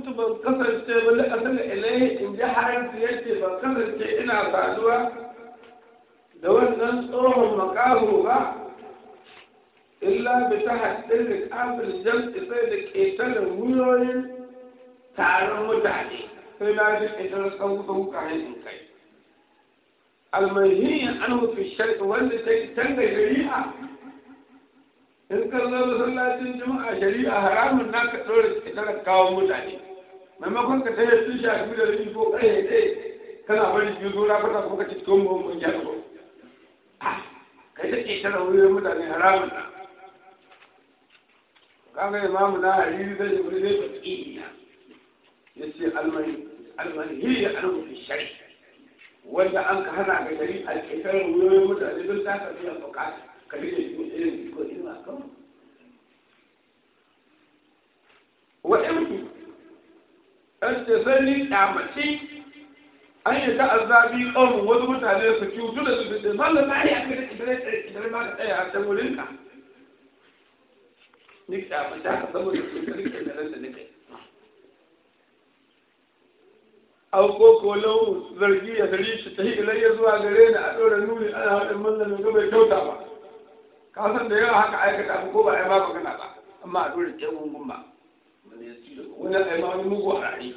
كنت بالقصر الشيء اللي حصل إليه إن جه حرمت يشتي بالقصر الشيء إنا بعدها لو أن أرهم مقاهوا إلا بتحت تلك أمر الجمس تلك إيسان الميوين تعلم تعليم فإن هذا إيسان الصوت كعين المنهي عنه في الشرق وانده تنجى شريعة إن كان الله صلى الله عليه وسلم شريعة حرام الناس تقول إذا كاو متعليم maimakon ka tare sun sha biyu da ko kai tsaye kana bari biyu zo rafuta ko ka ci tuwon mun gyara ko ah, kai ta ke tara wurin mutane haramun na kaga imamu na hariri zai yi wani zai fatiki ina ya ce almani almani ya almu fi shari wanda an ka hana ga gari a ke tara wurin mutane don ta ka biya bukata ka bi da biyu irin ko irin kan wa'yan an ce sani ɗamaci an yi ta azabi ƙaunin wasu mutane su cutu da su fice mallam na yi aka da dare dare ma ta tsaya a can wurin ka ni ɗamaci haka saboda su ka rike dare da nake au ko ko lau zargi ya gari shi ta hikilayya zuwa gare ni a ɗora nuni ana haɗin mallam ga bai kyauta ba ka san da yawa haka aikata ko ba a yi ba kana ba amma a ɗora ke gungun ba Wani ai ma wani mugu a ra'ayi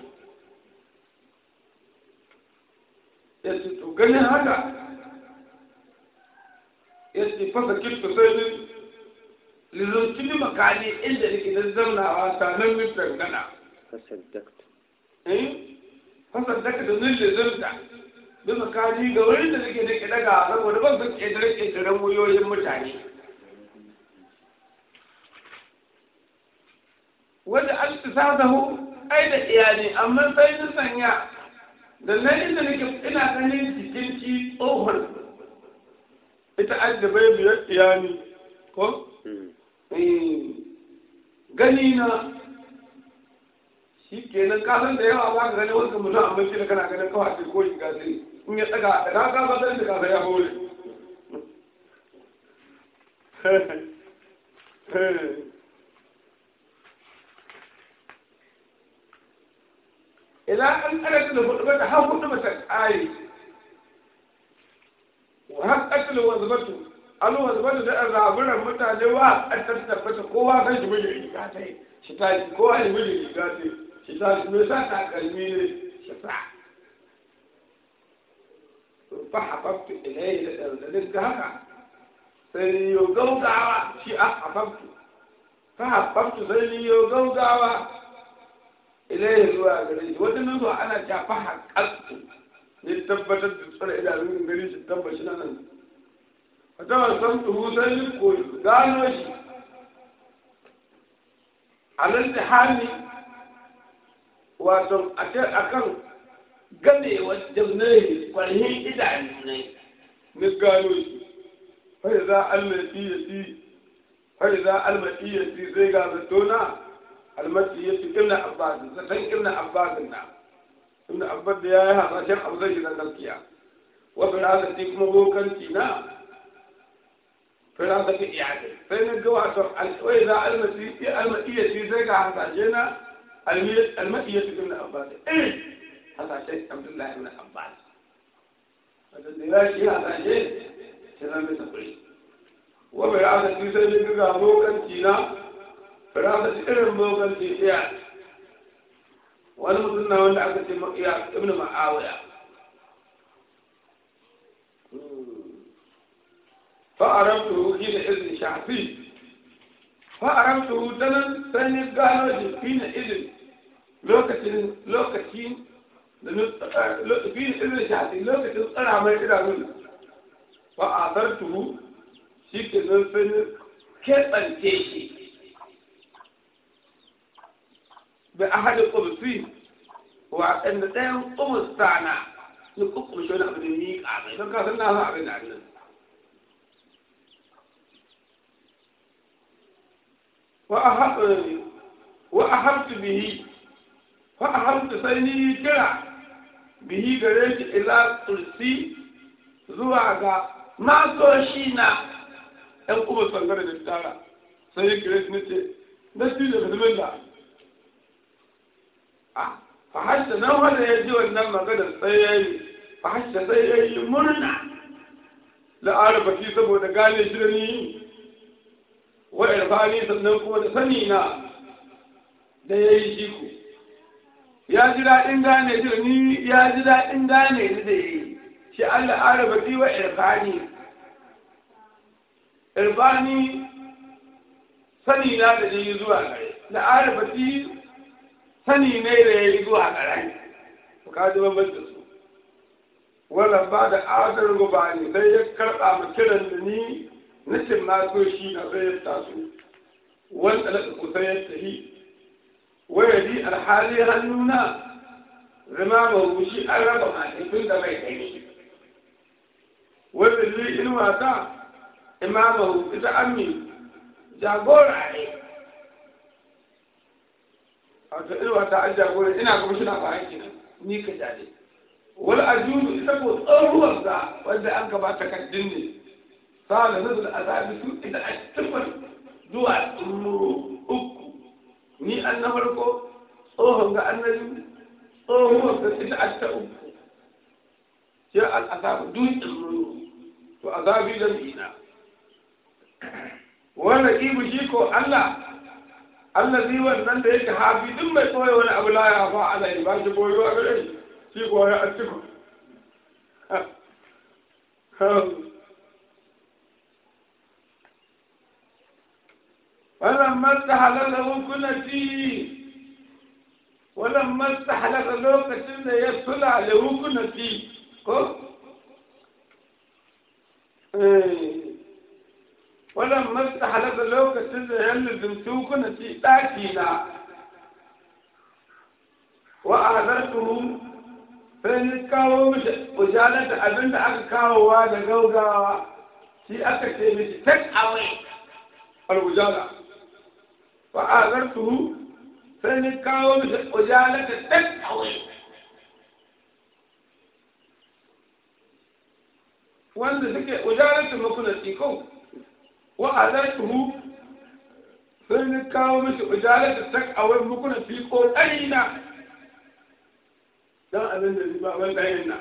ya ce to ganin haka ya ce fasa kirtu sai ni ne makani inda nake na zaunawa sanan gana dangana fasaddaktu eh fasaddaktu da zan lizunta bi makani ga wani da nake ke daga da ban san ƙetare-ƙetaren wuyoyin mutane hu ai da iyali amma sai ni sanya da nan inda nake ina ganin jikin ci tsohon ita bai biyar iyali ko hmm. eh, gani na shi ka kasan da yawa ba ka gani wasu mutum amma shi da kana ganin kawai sai ko shiga sai in ya tsaga da ka ba zan da kasa ya hole إلى أن أردت الغربة حول مثل آي وهل أتل وظبته ألو وظبته ده الرابر متى جوا أتل تفت قوة خيش بجري قاتي شتاج قوة بجري قاتي شتاج نسا تاكلمين شتاج فحببت إليه لذلك هكا سيدي يوغوغاوا شيء أحببت فحببت سيدي يوغوغاوا ilayhi zuwa gare shi wajen nan zuwa ana shafa haƙaƙu ne tabbatar da tsara idanun gare shi tabbashi nan wata wasan tuhu sai yi koyi gano shi a nan alal hali wato a kan gamewar jamnai kwarhin idanu ne na gano shi fai za almasi ya fi fai za almasi ya fi zai ga zato na almasi ya ce ibn abbas zaton ibn abbas na ibn abbas da ya yi hasashen abu zai shiga gaskiya wa firasati kuma bokanci na firasati iyadai sai na ga wato alwai za almasi ya almasi sai ga hasashe na almasi ya ce ibn abbas eh hasashen abdullahi ibn abbas da ya shi hasashe sai na bisa kuri wa firasati sai na ga bokanci na fir'auna irin boganci sai a wani mutum na wanda aka ce ya ibn ma'awiya fa aramtu hina izin shafi fa aramtu dalan sai ni gano shi hina izin lokacin lokacin da lokacin izin shafi lokacin tsara mai idanun fa azartu shi ke zan sai ni keɓance shi بأحد القبسين وأن تاهم قبس تاعنا نقوم شوية عبد النيك أعطي فكرنا هذا عبد العبد وأحرت به فأحرت سيني كلا به قريت إلى قرسي عقا ما توشينا القبس قبس فنقرد التارا سيني قريت نتي نتي نتي الله a ah, fa hashta nan wanda ya ji wannan maganar sai ya yi fa hashta ya yi murna la arabati saboda gane shi da ni wa irfani sannan kuma da sani na da ya yi shi ku ya ji daɗin gane shi da ni ya ji daɗin gane ni da yi shi Allah arabati wa irfani irfani sani na da ya yi zuwa gare la arabati sani ne da ya yi zuwa ƙarami to ka ji bambanci su wannan ba da adar rubani sai ya karɓa mu kiran da ni nishin na so shi na sai ya taso wanda na ku sai ya tafi waya bi alhali hannuna zama ba rushi an raba mahaifin da mai kai wanda zai inuwa ta imamahu ita ammi jagora ne wato irin ta ajiya jagora ina kuma shi na ba aiki ni ka jade wal ajudu ita ko tsaruwar sa wanda an gaba takaddin ne sa da nuzul azabi su ita a tufar zuwa tsuru uku ni an na farko tsohon ga annabi tsohuwar sa ita a ta uku ya al azabu duk tsuru to azabi da ina wannan ibu shi ko Allah allazi wannan da yake hafi duk mai koyo wani abu la ya fa ala in ba shi koyo a gare shi shi ko ya attima ولما استحل له كل شيء ولما استحلق لوكتين da ya sula da hukunati ko eh ولم مفتح لذا لو كتل يلي بنتوك نتي تاكينا وأعذرتهم فإن كاو مش وجالت أبن أك كاو واد جوجا في أكك مش تك أوي الوجالة وأعذرتهم فإن كاو مش وجالت تك أوي وانت ذكي وجالت مكنا تيكو wa azartuhu sai ni kawo mishi ujalar da tak a wani mukuna fi kokari na dan abin da ba ban dayin na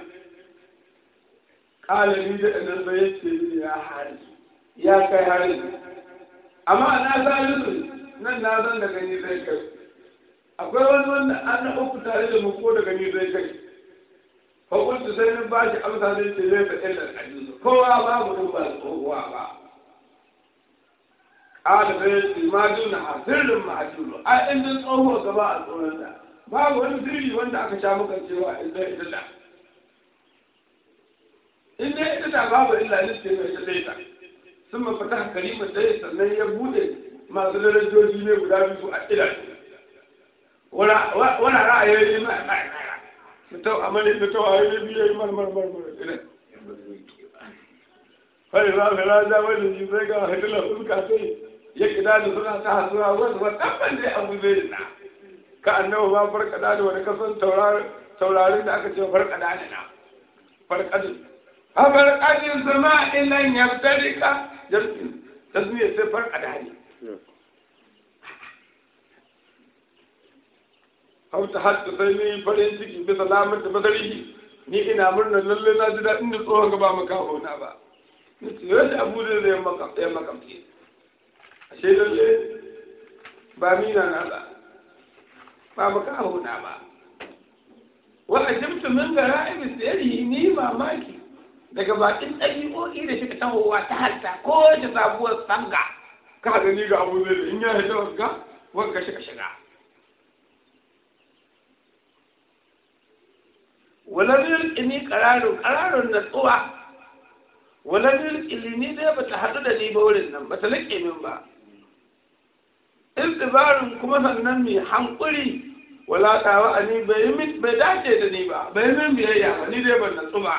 kala ni da nan ba yace ni ya kai hari amma na zalisu nan na zan da gani zai kai akwai wani wanda an na uku tare da mu ko da gani zai kai hukunci sai ni ba shi amsa zai ce zai faɗi da kowa babu ba kowa ba ala bai limadu na hafirin ma'ajulu a inda tsoho gaba a tsoron da babu wani zirgi wanda aka sha muka cewa inda ita da inda ita da babu illa liste mai ta daita sun mafata kalimar dai sannan ya bude masu darajoji ne guda biyu a ila wani ra'ayoyi ma a ɗaya mutum a mani mutum a yi biyu ya yi marmarmar ila fari za ka raja wani yi zai ga hadilar fuska sai yake da suna ta hasuwa wani wadannan dai abu zai na ka annabi ba farkada da wani kasan taurari da aka ce farkada da na farkadin a farkadin zama ilan ya tarika tasmiyar sai farkada ne hau ta hatta sai ni farin ciki bisa lamar da masarihi ni ina murna lalle na ji daɗin da tsohon gaba makaho na ba. Ni ce, yadda abu da zai makamce. ashe lalle ba mina na ba ba kawo na ba wa ajibtu min gara'ib sirri ni mamaki daga bakin ɗabi'o'i da suka tawowa ta halta ko da sabuwar sanga ka gani ga abu zai in ya hita wanka wanka shiga shiga walar ilimi ƙararun ƙararun natsuwa walar ilimi dai ba ta hadu da ni ba wurin nan ba ta laƙe min ba iltibarin kuma sannan mai hankuri wala tawa ani bai min bai dace da ni ba bai min biyayya ba ni dai ban natsu ba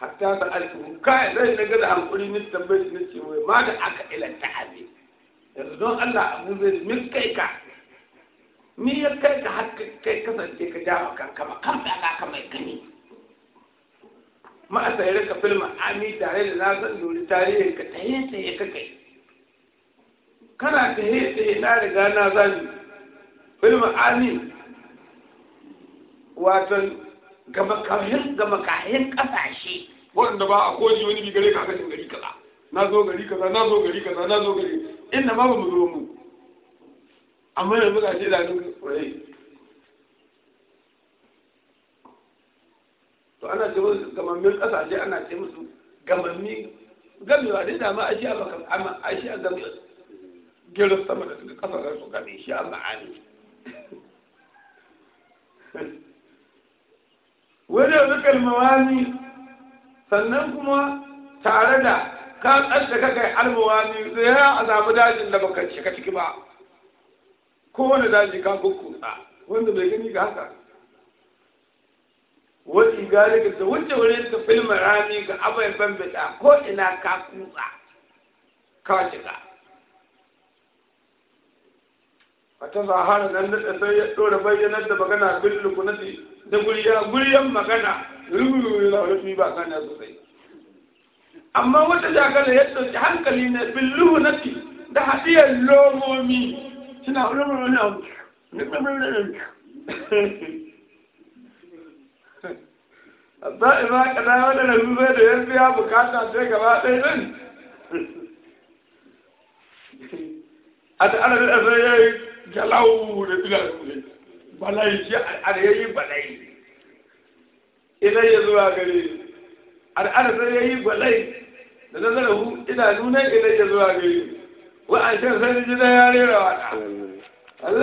hatta da alfu kai zai daga da hankuri ni tambayi ni ce wai ma da aka ilanta abi yanzu don Allah abu zai min kai ka ni ya kai ka har kai kasance ka jawo kanka kama kan da ka mai gani ma a sayar ka filma ami tare da na san dori tarihin ka tayi tayi ka kai kana ta tsaye na riga na zani filma ani watan ga makahin kasashe waɗanda ba a kowane wani bi gare ka kashin gari kaza na zo gari kaza na zo gari kaza na zo gari inda ma ba mu zo mu amma yanzu ga shi da nan kwarai to ana ce musu gamammin kasashe ana ce musu gamammi gamewa dai da ma a shi a gamewa Wani sama da suka kasa shi Allah ani sannan kuma tare da ka tsarta ka kai almawani da ya a samu dajin da baka shiga ciki ba kowane daji ka kukkusa wanda bai gani ga haka wani galibin ta wuce wani da filmin rami ga abin ban bida ko ina ka kutsa ka shiga fata zahara nan da sai ya dora bayyanar da magana bil lukunati da guriya guriyan magana da wani ba kana sosai amma wata jakar ya dauki hankali ne bil lukunati da hadiyar lomomi suna Za ka da wani zai da ya bukata sai gaba ɗaya ɗin. A da zai jalau da diga balai shi al'adayi balai idan ya zuwa gare al'ada sai ya yi balai da balai ina nuna idan yi zuwa gare wa'an shan sai jina ya rera wata